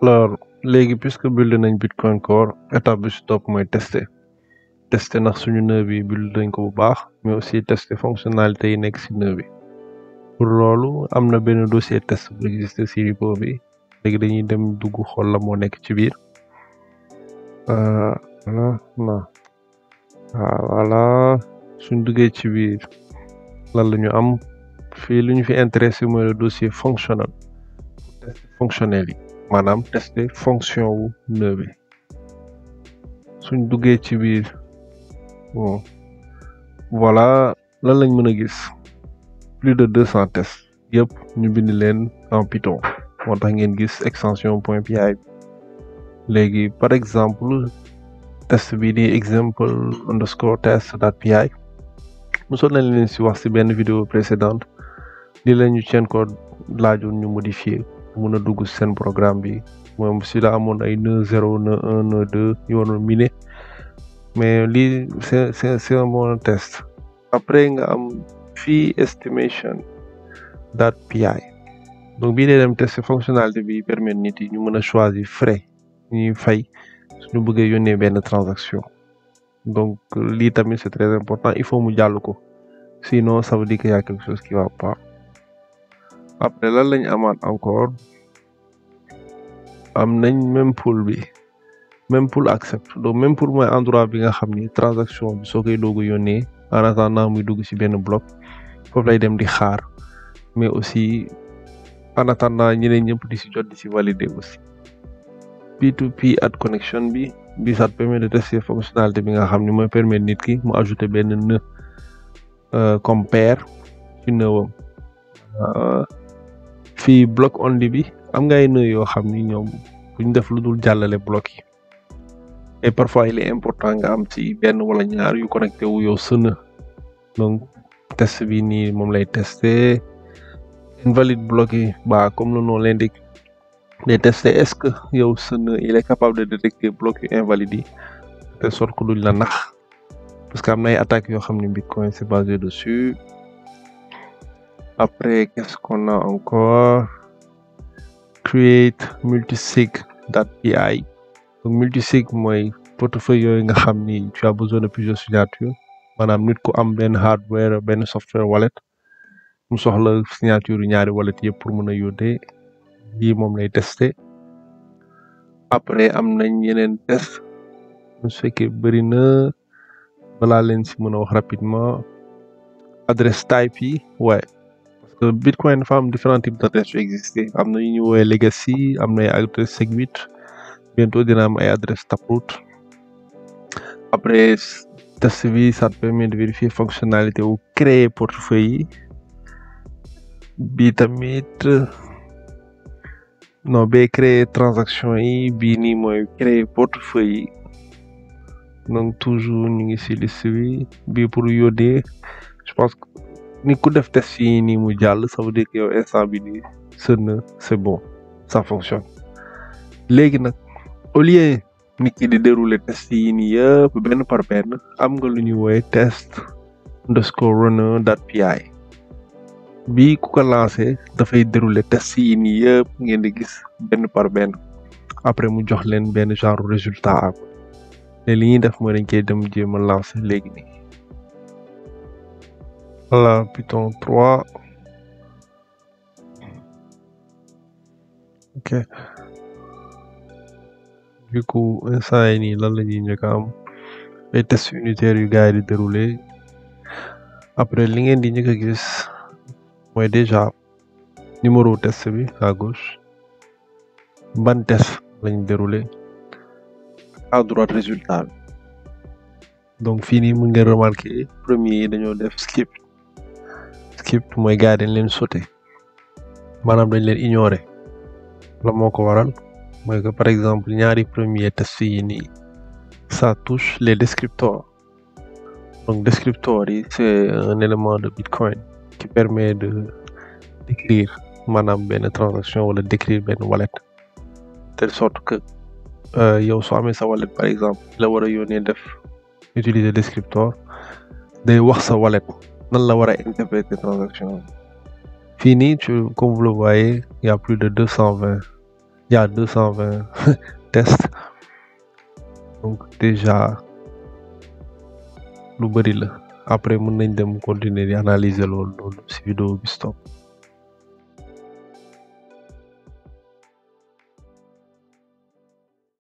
alors léegi puisque build nañ Bitcoin Core étape bi si mooy tester tester ndax suñu nœud bi build nañ ko bu baax mais aussi tester fonctionnalité yi nekk si nœud bi pour loolu am na benn dossier test bu existé si repo bi léegi dañuy dem dugg xool la moo nekk ci biir euh, ah, voilà suñ duggee ci biir lan la ñu am fii lu ñu fi intéressé mooy le dossier fonctionnel test fonctionnel maanaam tester fonction wu nœud bi suñ duggee ci biir bon voilà lañ mën a gis plus de deux cent tests yëpp ñu bind leen en Python moo tax ngeen gis extension point py bi léegi par exemple test bii di exemple underscore test dot mu mosoon nañ leen si wax si benn vidéo précédente lii la ñu seen ko laajoon ñu modifier mën a dugg seen programme bi moom si la amoon ay nœud zéro nœud un nœud deux ñu waroon mais lii c'est c'est c'est un bon test après nga am fee estimation date PI donc bii day test fonctionnalité bi permettre nit yi ñu mën a choisir frais ñuy fay suñu buggee yónnee benn transaction donc lii tamit c'est très important il faut mu jàll ko sinon ça veut dire quelque chose qui va pas après lan lañ amaat encore am nañ même pool bi même pool accept donc même pool mooy endroit bi nga xam ni transaction bi soo koy doog a yónnee en attendant muy dugg si benn bloc foofu lay dem di xaar mais aussi en attendant ñeneen ñëpp di si jot di ci valider aussi P2P ad bi bi ça permet de tester fonctionnalité bi nga xam ni mooy permettre nit ki mu ajouter benn nœud euh, comme paire ci nëwam fii bloc only bi am nga ay nœud yoo xam ni ñoom buñ def lu dul jàllale bloc yi et parfois il est important nga am ci benn wala ñaar yu connecté wu yow sën donc test bi nii moom lay tester invalide bloc yi ba comme le nom l'indique day tester est-ce que yow sën il est capable de détecter bloc yu yi de sorte que duñ la nax parce que am na ay attaques yoo xam ne bitcoin c'est basé dessus. Après, qu'est-ce qu'on a encore Create multisig API. Donc multisig mooy portefeuille yooyu nga xam ni tu as besoin de plusieurs signatures maanaam nit ku am benn hardware benn software wallet mu soxla signature yu ñaari wallet yëpp pour mën a yónnee lii moom lay tester. après am na yeneen test su fekkee bëri na balaa leen si mën a wax rapidement adresse type yi waaye. que Bitcoin dafa am différents types d'adresses yu existé am na yu ñu woowee legacy am na ay adresse segwit bientôt dina am ay adresse taproot après test bi ça te permet de vérifier fonctionnalité wu créer portefeuille yi bii tamit créer transaction yi bii nii mooy créer portefeuille yi donc toujours ñu ngi si liste bi pour yóodee je ni ku def test yi nii mu jàll ça veut dire que yow instant bi nii sën na c'est bon sa fonction léegi nag au lieu nit ki di dérouler test yi nii yëpp benn par benn am nga lu ñuy woowe test underscore runner dot pi bi ku ko lancé dafay dérouler test yi nii yëpp ngeen di gis benn par benn après mu jox leen benn genre résultat ak te li ñuy def mooy dañ koy dem jéem a lancé léegi nii Là, Python 3. ok du instant yi nii lan la ñuy njëkk a am ay test unitaire yu gars yi déroulé après li ngeen di njëkk a gis mooy déjà numéro test bi à gauche ban test lañu déroulé à droite résultat donc fii nii mu ngeen remarqué premier yi dañoo def skip skip mooy gars yi leen sauté maanaam dañ leen ignoré la moo ko waral mooy que par exemple ñaari premier test yi nii ça touche les descripteurs donc descripteurs yi c'est un élément de bitcoin qui permet de décrire maanaam benn transaction wala décrire benn wallet te sort que euh, yow soo amee sa wallet par exemple la war a yónnee def utiliser descriptor day wax sa wallet nan la war a transaction fii nii tu comme vous le a plus de deux cent vingt il a deux cent vingt tests donc déjà lu bëri la après mën nañ dem continuer di analyser loolu loolu si vidéo bi